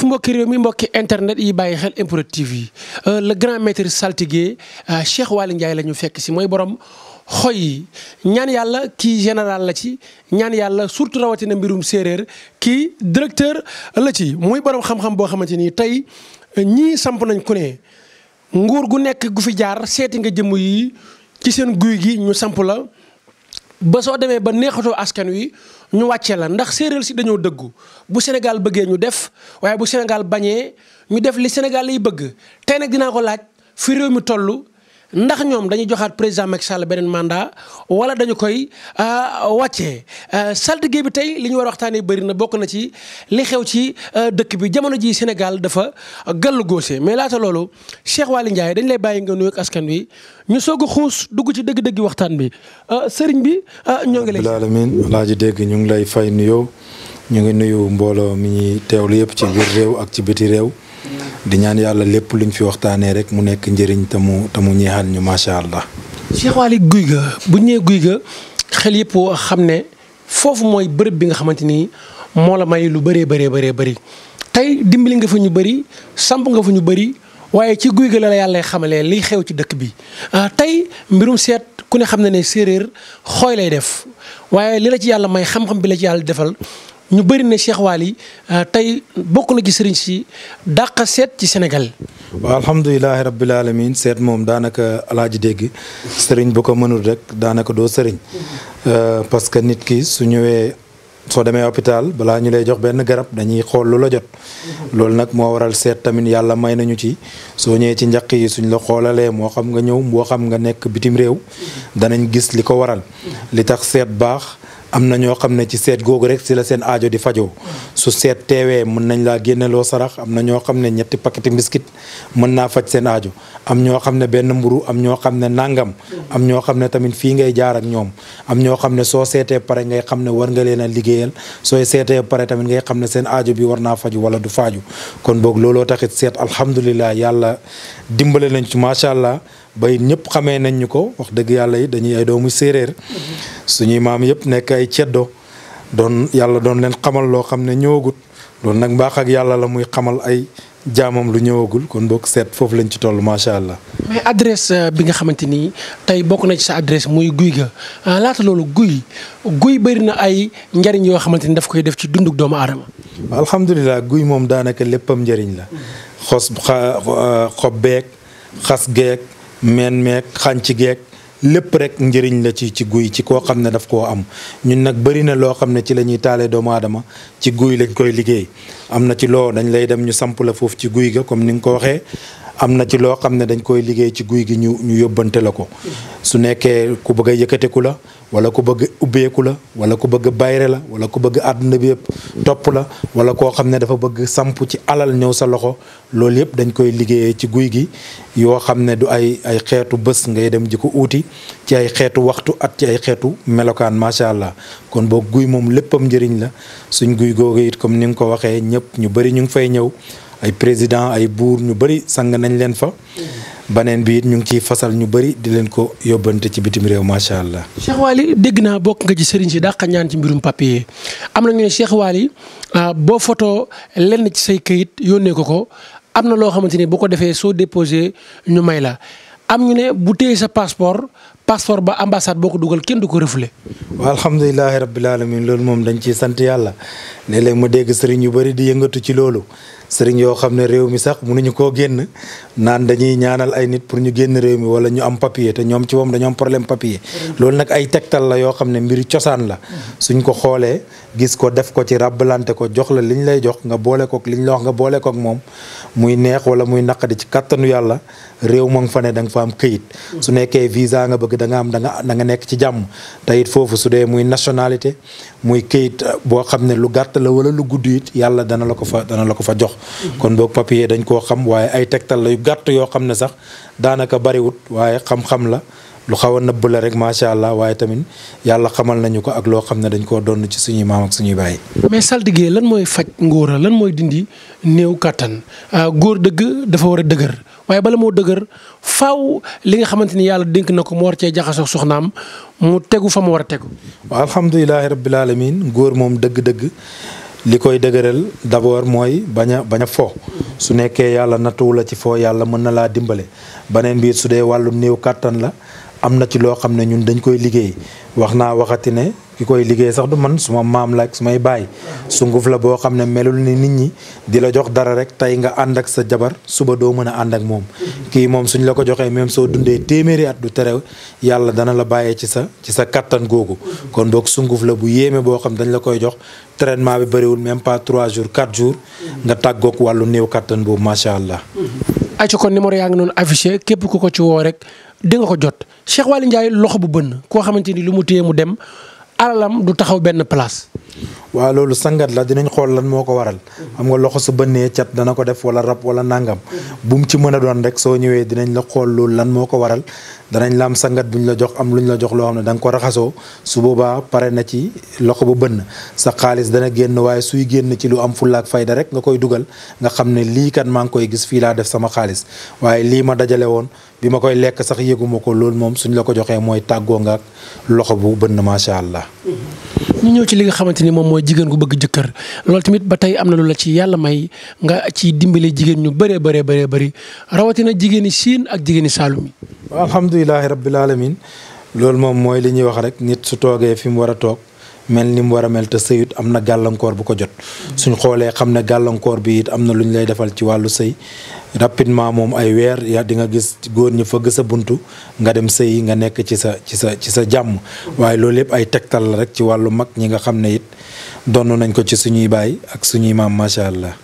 jërëjëf mbokki réew mi mbokki internet yi bàyyi xel MPROD yi euh, le grand maître saltigué euh, Cheikh Waly Ndiaye la ñu fekk si mooy borom xoy yi ñaan yàlla kii général la ci ñaan yàlla surtout rawatina mbirum séeréer kii directeur la ci muy borom xam-xam boo xamante ni tey euh, ñii samp nañ ku ne nguur gu nekk gu fi jaar seeti nga jëmm yi ci seen guy gi ñu samp la. ba soo demee ba neexatoo askan wi ñu wàccee la ndax séeréer si dañoo dëggu bu Sénégal bëggee ñu def waaye bu Sénégal bañee ñu def li Sénégal lay bëgg tey nag dinaa ko laaj fi réew mi tollu ndax ñoom dañuy joxaat président Macky Sall beneen mandat wala dañu koy euh, wàccee euh, saltige bi tey li ñu war a waxtaanee bari na bokk na ci li xew ci euh, dëkk bi jamono ji Sénégal dafa gàllu goose mais laata loolu Cheikh Waly Ndiaye dañ lay bàyyi nga nuyoog askan wi ñu soog a xuus dugg ci dëgg-dëgg waxtaan bi sëriñ bi ñoo ngi lay. alamin laa ji dégg ñu ngi lay fay nuyoo ñu ngi nuyu mbooloo mi ñuy teewlu yëpp ci biir réew ak ci biti réew. di ñaan yàlla lépp lu luñ fi waxtaanee rek mu nekk njëriñ te mu te mu ñeexal ñu macha allah. Cheikh guy ga bu ñëwee guy ga xel yëpp xam ne foofu mooy bërëb bi nga xamante ni moo la may lu bëree bëree bëree bëri tey dimbali nga fa ñu bëri samp nga fa ñu bëri waaye ci guy ga la la yàlla xamalee liy xew ci dëkk bi ah, tey mbirum seet ku ne xam ne ne séeréer xooy lay def waaye li la ci yàlla may xam-xam bi la ci yàlla defal. ñu bëri ne Cheikh Waly euh, tey bokk na ci sëriñ si dàq seet ci Sénégal. waaw alhamdulilah rabbil alamin seet moom daanaka alaaji dégg sëriñ bu ko mënul rekk daanaka doo sëriñ euh, parce que nit ki su ñëwee. soo demee hôpital balaa ñu lay jox benn garab dañuy xool lu la jot loolu nag moo waral seet tamit yàlla may nañu ci soo ñëwee ci njaq yi suñ la xoolalee moo xam nga ñëw moo xam nga nekk bitim réew danañ gis li ko waral li tax seet baax am na ñoo xam ne ci seet googu rek si la seen aajo di fajo su seet teewee mën nañ laa génneloo sarax am na ñoo xam ne ñetti paqueti mbiskit mën naa faj seen aajo am ñoo xam ne benn mburu am ñoo xam ne nangam am ñoo xam ne tamit fii ngay jaarak ñoom am ñoo xam ne soo seetee pare ngay xam ne war nga leen a liggéeyal sooy seetee pare tamit ngay xam ne seen ajo bi war naa faju wala du faju kon boog looloo taxit seet alhamdulilah yàlla dimbale nañ ci macha allah bay it ñëpp xamee nañ ñu ko wax dëgg yàlla yi dañuy ay doomu séeréer suñuy maam yëpp nekk ay ceddo doon yàlla doon leen xamal loo xam ne ñëwagut loolu nag mbaax ak yàlla la muy xamal ay jaamam lu ñëwagul kon bokk seet foofu lañ ci toll macha allah. mais adresse euh, bi nga xamante ni tey bokk na ci sa adresse muy guy ga ah, laata loolu guy guy bëri na ay njariñ yoo xamante ni daf koy def ci dunduk doomu aadama. alhamdulilah guy moom daanaka léppam njariñ la. xos xob beeg xas geeg meen meeg xànc geeg lépp rek njëriñ la ci ci guy ci koo xam ne daf koo am ñun nag bëri na loo xam ne ci lañuy ñuy taalee doomu aadama ci guy lañ koy liggéey am na ci loo dañ lay dem ñu samp la foofu ci guy ga comme ni nga ko waxee am na ci loo xam ne dañ koy liggéey ci guy gi ñu ñu yóbbante la ko su nekkee ku bëgg a yëkkateku la wala ku bëgg ubbeeku la wala ku bëgg bayre la wala ku bëgg àdduna bi yëpp topp la wala koo xam ne dafa bëgg samp ci alal ñëw sa loxo loolu yëpp dañ koy liggéeyee ci guy gi yoo xam ne du ay ay xeetu bés ngay dem ji ko uuti ci ay xeetu waxtu at ci ay xeetu melokaan macha allah kon boo guy moom léppam njëriñ la suñ guy googu it comme ni nga ko waxee ñëpp ñu bëri ñu ngi fay ñëw ay président ay buur ñu bëri sang nañ leen fa. baneen bi it ñu ngi ciy fasal ñu bëri di leen ko yóbbante ci bitim réew macha allah. Cheikh Waly dégg naa bokk nga ci sëriñ si dàq ñaan ci mbirum papier am na ñu ne Cheikh Waly ah, boo foto lenn ci say këyit yónnee ko ko am na loo xamante ni boo ko defee soo déposé ñu may la am ñu ne bu téye sa passeport passeport ba ambassade boo ko dugal kenn du ko refoulé. waaw alhamdulilah rabbil alamin loolu moom dañ ciy sant yàlla léeg-léeg ma dégg sëriñ yu bëri di yëngatu ci loolu sëriñ yoo xam ne réew mi sax mun mënuñu koo génn naan dañuy ñaanal ay nit pour ñu génn réew mi wala ñu am papier te ñoom ci moom dañoo am problème papier. loolu nag ay tegtal la yoo xam ne mbir cosaan la mm-hmm. suñ ko xoolee gis ko def ko ci ràbbalante ko jox la liñ lay jox nga boole kook liñ la wax nga boole kook moom muy neex wala muy naqadi ci kàttanu yàlla réew ma nga fa ne danga nga fa am këyit su nekkee visa nga bëgg danga am danga nga nekk ci jàmm te it foofu su dee muy nationalité muy këyit uh, boo xam ne lu gàtt la wala lu guddi it yàlla dana la ko fa dana la ko fa jox kon boog papier dañ koo xam waaye ay tegtal la yu gàtt yoo xam ne sax daanaka bariwut waaye xam-xam la lu xaw a nëbb la rek macha allah waaye tamit yàlla xamal nañu ko ak loo xam ne dañ koo doon ci suñuy maam ak suñuy baay. mais saltige lan mooy faj a lan mooy dindi néew kàttan ah, góor dëgg dafa war a dëgër waaye bala moo dëgër faaw li nga xamante ni yàlla dénk na ko mu cee jaxasoo soxnaam mu tegu fa mu war a tegu. waaw alhamdulilahi rabbil alamin góor moom dëgg-dëgg. li koy dëgëral d'abord mooy bañ a bañ a fo su nekkee yàlla nattuwu la ci fo yàlla mën na laa dimbale beneen biir su dee wàllu néew kàttan la am na ci loo xam ne ñun dañ koy liggéey wax naa waxati ne ki koy liggéey sax du man suma maam la ak sumay baay sunguf la boo xam ne melul ni nit ñi di la jox dara rek tey nga ànd ak sa jabar suba doo mën a ànd ak moom kii moom suñ la ko joxee même soo dundee téeméeri at du tere yàlla dana la bàyyee ci sa ci sa kattan googu kon boog sunguf la bu yéeme boo xam dañ la koy jox traitement bi bëriwul même pas trois jours quatre jours nga tàggoog wàllu néew kattan boobu macha allah. di nga ko jot Cheikh Ndiaye loxo bu bënn koo xamante ni lu mu téye mu dem alalam du taxaw benn place. waaw loolu sangat la dinañ xool lan moo ko waral am nga loxo su bënnee cat dana ko def wala rab wala nàngam bu mu ci mën a doon rek soo ñëwee dinañ la xool lool lan moo ko waral danañ laam sangat bu ñu la jox am lu ñu la jox loo xam ne da nga ko raxasoo su boobaa pare na ci loxo bu bënn sa xaalis dana génn waaye suy génn ci lu am fullaak fayda rek nga koy dugal nga xam ne lii kat maa ngi koy gis fii laa def sama xaalis waaye lii ma dajale woon bi ma koy lekk sax yëguma ko loolu moom suñ la ko joxee mooy tàggoo nga ak loxo bu bënn macha allah ñu ñëw ci li nga xamante ni moom mooy jigéen gu bëgg jëkkër loolu tamit ba tey am na lu la ci yàlla may nga ci dimbale jigéen ñu bëree bëree bëree bëri rawatina jigéeni Siin ak jigéeni Saalum yi. alhamdulilah rabbi alamin loolu moom mooy li ñuy wax rek nit su toogee fi mu war a toog mel ni mu war a mel te sëyut am na gàllankoor bu ko jot suñ xoolee xam ne gàllankoor bi it am na lu ñu lay defal ci wàllu sëy rapidement moom ay weer ya di nga gis góor ñi fëgg sa buntu nga dem sëy nga nekk ci sa ci sa ci sa jàmm waaye loolu yëpp ay tegtal la rek ci wàllu mag ñi nga xam ne it donn nañ ko ci suñuy baay ak suñuy maam macha allah.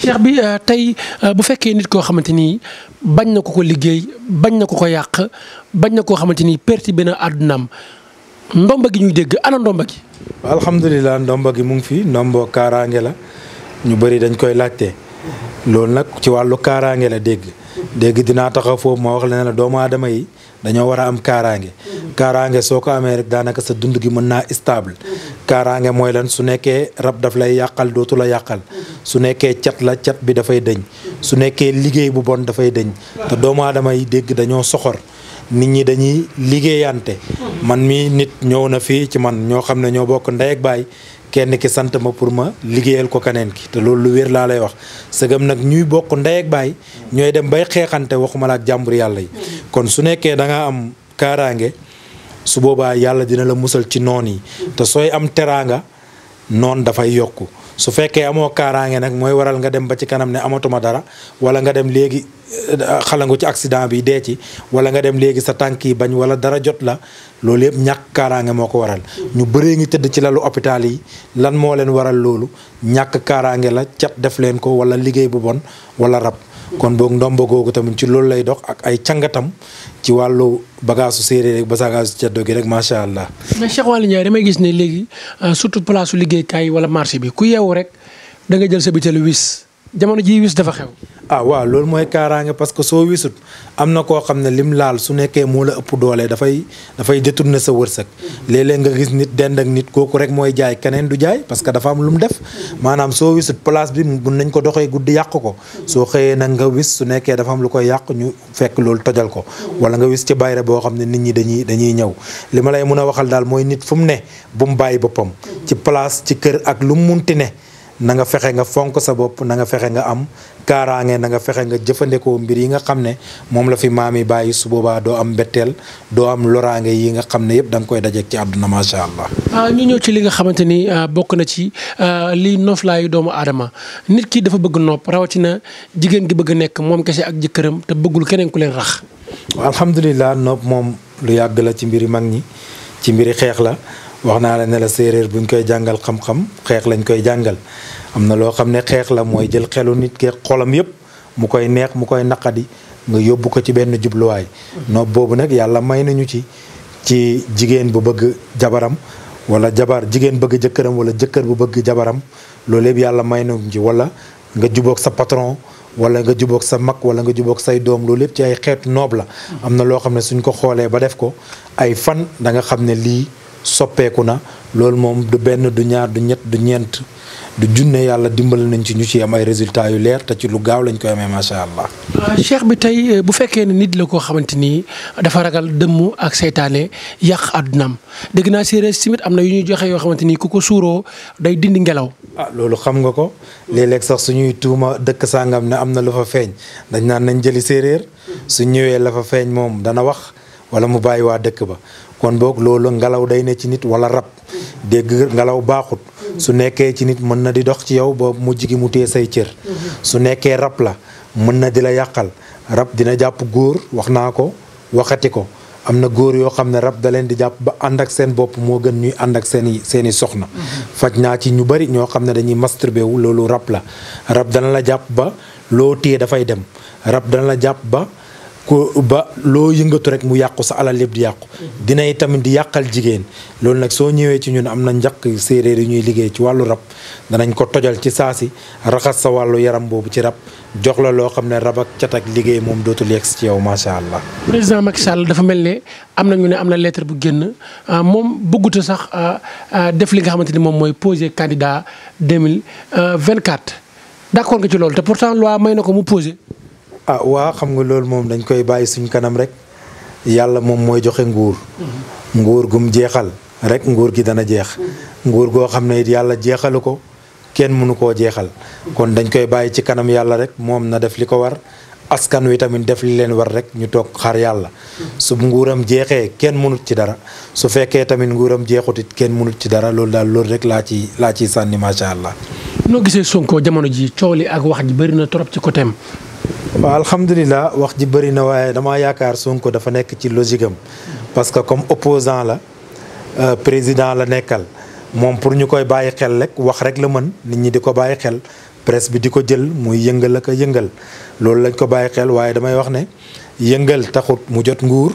cheikh bi euh, tey euh, bu fekkee nit koo xamante ni bañ na ko ko liggéey bañ na ko ko yàq bañ na koo xamante ni perti benn àddunaam ndomba gi ñuy dégg ana ndomba gi. alhamdulilah ndomba gi mu ngi fi ndombo kaaraange la ñu bëri dañ koy laajte loolu nag ci wàllu kaaraange la dégg dégg dinaa taxaw foofu ma wax la ne doomu aadama yi dañoo war a am kaaraange. kaaraange soo ko amee rek daanaka sa dund gi mën naa stable. kaaraange mooy lan su nekkee rab daf lay yàqal dootu la yàqal su nekkee cat la cat bi dafay dëñ su nekkee liggéey bu bon dafay dëñ te doomu aadama yi dégg dañoo soxor. nit ñi dañuy liggéeyante man mii nit ñëw na fii ci man ñoo xam ne ñoo bokk ndey ak baay kenn ki sant ma pour ma liggéeyal ko keneen ki te loolu lu wér laa lay wax sëgam nag ñuy bokk ndey ak baay ñooy dem bay xeexante waxuma la ak jàmbur yàlla yi kon su nekkee danga am kaaraange su boobaa yàlla dina la musal ci noon yi te sooy am teraanga noon dafay yokk su fekkee amoo kaaraange nag mooy waral nga dem ba ci kanam ne amatuma dara wala nga dem léegi eh, xalangu ci accident bi dee ci wala nga dem léegi sa tànk yi bañ wala dara jot la loolu yëpp ñàkk kaaraange moo ko waral ñu bëree ngi tëdd ci lalu hôpital yi lan moo leen waral loolu ñàkk kaaraange la cat def leen ko wala liggéey bu bon wala rab kon boog ndomba googu tamit ci loolu lay dox ak ay cangatam ci wàllu bagaasu séeréer rek bagaasu ceddo gi rek macha allah. mais Cheikh Waly Ndiaye may gis ne léegi euh, surtout place su liggéeykaay wala marché bi ku yeewu rek da nga jël sa bitéelu wis jamono ji wis dafa xew. ah waaw loolu mooy kaaraange parce que soo wisut am na koo xam ne lim laal su nekkee moo la ëpp doolee dafay dafay détourné sa wërsëg. léeg-léeg nga gis nit dend ak nit kooku rek mooy jaay keneen du jaay parce que dafa am lu mu def maanaam soo wisut place bi mun nañ ko doxee guddi yàq ko soo xëyee nag nga wis su nekkee dafa am lu koy yàq ñu fekk loolu tojal ko. wala nga wis ci bayre boo xam ne nit ñi dañuy dañuy ñëw li ma lay mun a waxal daal mooy nit fu mu ne bu mu bàyyi boppam. ci place ci kër ak lu mu munti ne. na nga fexe nga fonk sa bopp nanga fexe nga am kaaraange na nga fexe nga jëfandikoo mbir yi nga xam ne moom la fi maam yi bàyyi su boobaa doo am mbetteel doo am loraange yi nga xam ne yëpp da nga koy dajeeg ci àdduna macha allah. Ah, ñu ñëw ci li nga xamante ni ah, bokk na ci ah, liy noflaayu doomu aadama nit ki dafa bëgg nopp rawatina jigéen gi bëgg nekk moom kese ak jëkkëram te bëggul keneen ku leen rax. alhamdulilah nopp moom lu yàgg la ci mbir mbiri mag ñi ci mbiri xeex la. wax naa la ne la séeréer buñ koy jàngal xam-xam xeex lañ koy jàngal am na loo xam ne xeex la mooy jël xelu nit ke xoolam yëpp mu koy neex mu koy naqadi nga yóbbu ko ci benn jubluwaay. noob boobu nag yàlla may nañu ci ci jigéen bu bëgg jabaram wala jabar jigéen bëgg jëkkëram wala jëkkër bu bëgg jabaram loolu yëpp yàlla may nañu ci wala nga jubook sa patron. wala nga jubook sa mag wala nga jubook say doom loolu lépp ci ay xeet noob la. am na loo xam ne suñ ko xoolee ba def ko ay fan da xam ne lii. soppeeku na loolu moom du benn du ñaar du ñett du ñeent du junne yàlla dimbal nañ ci ñu ci am ay résultats yu leer te ci lu gaaw lañ koy amee macha allah. Euh, cheikh bi tey euh, bu fekkee ne nit la koo xamante ni dafa ragal dëmm ak seytaane yàq àddunaam dégg naa séeréer simit am na yu ñuy joxe yoo xamante ni ku ko suuroo day dindi ngelaw. ah loolu xam nga ko léeg sax suñuy tuuma dëkk sangam ne am na lu fa feeñ dañ naan nañ jëli séeréer su ñëwee la fa feeñ moom dana wax wala mu bàyyi waa dëkk ba kon boog loolu ngelaw day ne ci nit wala rab dégg ngelaw baaxut su nekkee ci nit mën na di dox ci yow ba mu gi mu téye say cër su nekkee rab la mën na di la yàqal rab dina jàpp góor wax naa ko waxati ko am na góor yoo xam ne rab da leen di jàpp ba ànd ak seen bopp moo gën ñuy ànd ak seen i seen i soxna faj naa ci ñu bari ñoo xam ne dañuy masturbé wu loolu rab la rab dana la jàpp ba loo téye dafay dem rab dana la jàpp ba ko ba loo yëngatu rek mu yàqu sa alal yëpp di yàqu dinay tamit di yàqal jigéen loolu nag soo ñëwee ci ñun am na njaq séeréer yu ñuy liggéey ci wàllu rab danañ ko tojal ci saa si raxas sa wàllu yaram boobu ci rab jox la loo xam ne rab ak cat ak liggéey moom dootul yegg ci yow macha allah. président Macky Sall dafa mel ne am na ñu ne am na lettre bu génn ah, moom bëggut a sax ah, ah, def li nga xamante ni moom mooy posé candidat 2024 euh, d'accord nga ci loolu te pourtant ah waa xam nga loolu moom dañ koy bàyyi suñ kanam rek yàlla moom mooy joxe nguur nguur gum jeexal rek nguur gi dana jeex nguur goo xam ne it yàlla jeexalu ko kenn mënu koo jeexal kon dañ koy bàyyi ci kanam yàlla rek moom na def li ko war askan wi tamit def li leen war rek ñu toog xar yàlla su nguuram jeexee kenn mënut ci dara su fekkee tamit nguuram it kenn mënut ci dara loolu daal loolu rek laa ci laa ciy sànni macha allah. noo gisee Sonko jamono ji coow li ak wax ji bëri na trop ci côté am waaw alhamdulilah wax ji bëri na waaye damaa yaakaar Sonko dafa nekk ci logique am parce que comme opposant la euh, président la nekkal moom pour ñu koy bàyyi xel rek wax rek la mën nit ñi di ko bàyyi xel presse bi di ko jël muy yëngal ak yëngal loolu lañ ko bàyyi xel waaye damay wax ne yëngal taxut mu jot nguur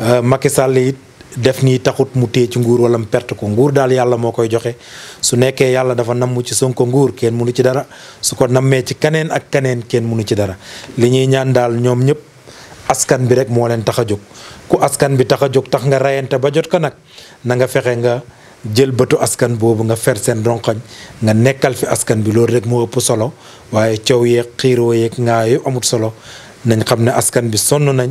euh, Macky Sall it def nii taxut mu téye ci nguur wala mu perte ko nguur daal yàlla moo koy joxe su nekkee yàlla dafa namm ci Sonko nguur kenn mënu ci dara su ko nammee ci kaneen ak kaneen kenn mënu ci dara li ñuy ñaan daal ñoom ñëpp askan bi rek moo leen tax a jóg ku askan bi tax a jóg tax nga reyante ba jot ko nag na nga fexe nga jël bëtu askan boobu nga fer seen ronqañ nga nekkal fi askan bi loolu rek moo ëpp solo waaye coow yeeg xiiroo yeeg nga yëpp amut solo nañ xam ne askan bi sonn nañ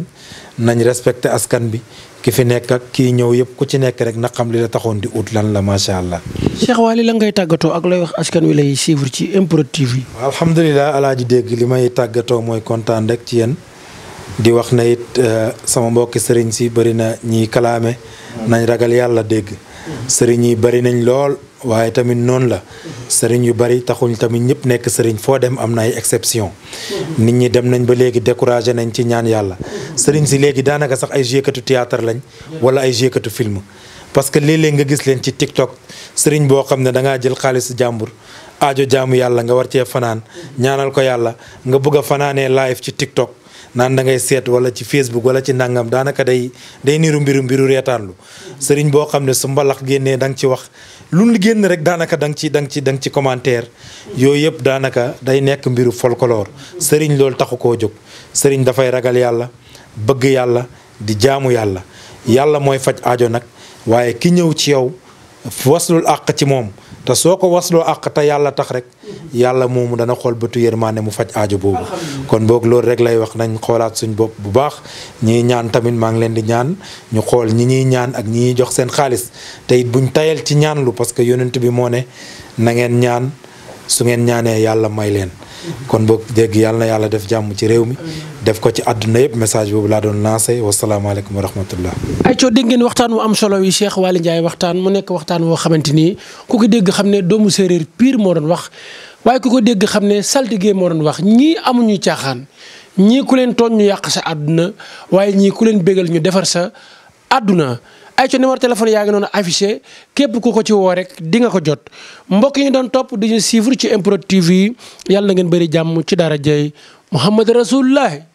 nañ respecté askan bi ki fi nekk ak kii ñëw yëpp ku ci nekk rek na xam li la taxoon di ut lan la macha allah. Cheikh Waly la ngay tàggatoo ak lay wax askan wi lay suivre ci MPROD yi yi. alhamdulilah alaaji dégg li may tàggatoo mooy kontaan rek ci yéen di wax na it euh, sama mbokki sëriñ si bëri na ñiy kalaame mm. nañ ragal yàlla dégg. Mm. sëriñ yi bëri lool. waaye tamit noonu la sëriñ yu bari taxuñ tamit ñëpp nekk sëriñ foo dem am na ay exception nit ñi dem nañ ba léegi découragé nañ ci ñaan yàlla sëriñ si léegi daanaka sax ay jéekatu théâtre lañ wala ay jéekatu film parce que léeg-léeg nga gis leen ci TikTok sëriñ boo xam ne da jël xaalisu jàmbur aajo jaamu yàlla nga war cee fanaan ñaanal ko yàlla nga bëgg a fanaanee live ci TikTok naan dangay ngay seet wala ci Facebook wala ci nangam daanaka day day niru mbiru mbiru reetaanlu sëriñ boo xam ne su mbalax génnee da nga ci wax lu ñu génn rek daanaka da nga ci da nga ci ci commentaire yooyu yëpp daanaka day nekk mbiru folklore sëriñ lool taxu koo jóg sëriñ dafay ragal yàlla bëgg yàlla di jaamu yàlla yàlla mooy faj ajo nag waaye ki ñëw ci yow waslul àq ci moom te soo ko wasloo àq te yàlla tax rek yàlla moomu dana xool bëtu yërmaane mu faj aajo boobu kon boog loolu rek lay wax nañ xoolaat suñ bopp bu baax ñii ñaan tamit maa ngi leen di ñaan ñu xool ñi ñuy ñaan ak ñi ñuy jox seen xaalis tey buñ tayal ci ñaan lu parce que yonent bi moo ne na ngeen ñaan su ngeen ñaanee yàlla may leen kon boo dégg yàlla na yàlla def jàmm ci réew mi def ko ci àdduna yëpp message boobu laa doon lancé wasalaamaaleykum wa rahmatullah ay coo dégg ngeen waxtaan wu am solo yi Cheikh Waly waxtaan mu nekk waxtaan woo xamante nii ku ko dégg xam ne doomu séeréer piir moo doon wax waaye ku ko dégg xam ne saltige moo doon wax ñii amuñu caaxaan ñii ku leen tooñ ñu yàq sa àdduna waaye ñii ku leen bégal ñu defar sa àdduna ay ca numéro téléphone yaa ngi noonu affiché képp ku ko ci woo rek di nga ko jot mbokk yi ñu doon topp di ñu suivre ci MPROD TV yàlla ngeen bëri jàmm ci dara jëy Muhammad Rasulullah